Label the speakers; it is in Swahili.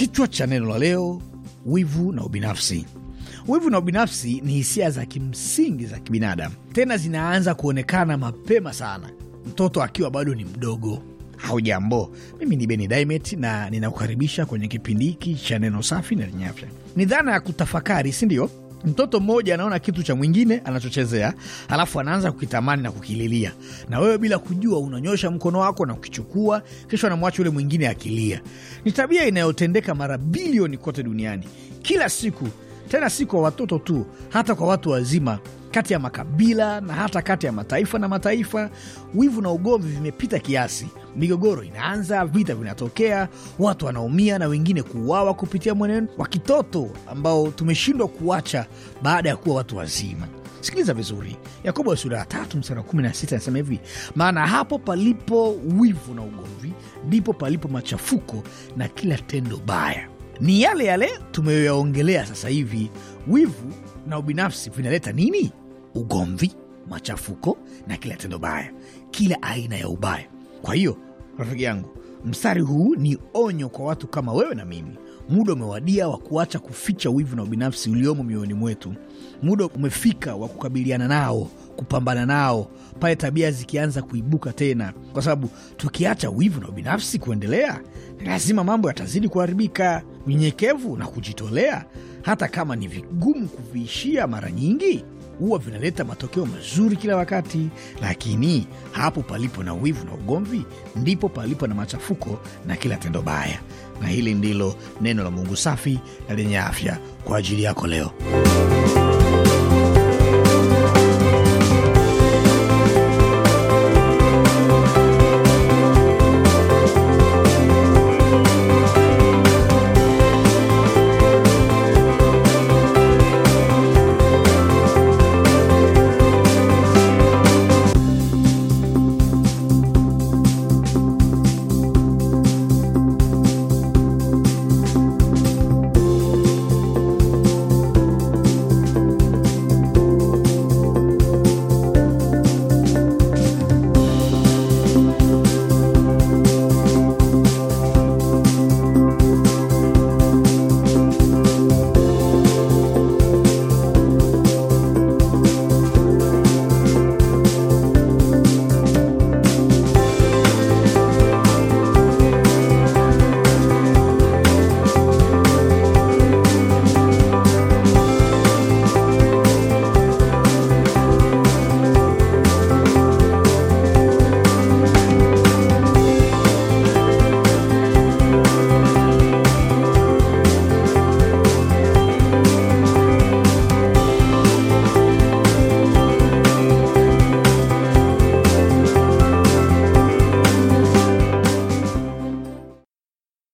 Speaker 1: Kichwa cha neno la leo: wivu na ubinafsi. Wivu na ubinafsi ni hisia za kimsingi za kibinadamu, tena zinaanza kuonekana mapema sana, mtoto akiwa bado ni mdogo. Haujambo, mimi ni Beni Dimet na ninakukaribisha kwenye kipindi hiki cha neno safi na lenye afya. Ni dhana ya kutafakari, si ndio? Mtoto mmoja anaona kitu cha mwingine anachochezea, alafu anaanza kukitamani na kukililia, na wewe bila kujua unanyosha mkono wako na kukichukua, kisha anamwacha yule mwingine akilia. Ni tabia inayotendeka mara bilioni kote duniani kila siku, tena si kwa watoto tu, hata kwa watu wazima kati ya makabila na hata kati ya mataifa na mataifa. Wivu na ugomvi vimepita kiasi, migogoro inaanza, vita vinatokea, watu wanaumia na wengine kuuawa kupitia mwenendo wa kitoto ambao tumeshindwa kuacha baada ya kuwa watu wazima. Sikiliza vizuri, Yakobo sura ya tatu mstari wa 16 anasema hivi: maana hapo palipo wivu na ugomvi, ndipo palipo machafuko na kila tendo baya. Ni yale yale tumeyoyaongelea sasa hivi. Wivu na ubinafsi vinaleta nini? ugomvi, machafuko na kila tendo baya, kila aina ya ubaya. Kwa hiyo rafiki yangu, mstari huu ni onyo kwa watu kama wewe na mimi. Muda umewadia wa kuacha kuficha wivu na ubinafsi uliomo mioyoni mwetu. Muda umefika wa kukabiliana nao, kupambana nao pale tabia zikianza kuibuka tena, kwa sababu tukiacha wivu na ubinafsi kuendelea, lazima mambo yatazidi kuharibika. Unyenyekevu na kujitolea, hata kama ni vigumu kuviishia mara nyingi, huwa vinaleta matokeo mazuri kila wakati, lakini hapo palipo na wivu na ugomvi ndipo palipo na machafuko na kila tendo baya. Na hili ndilo neno la Mungu safi na lenye afya kwa ajili yako leo.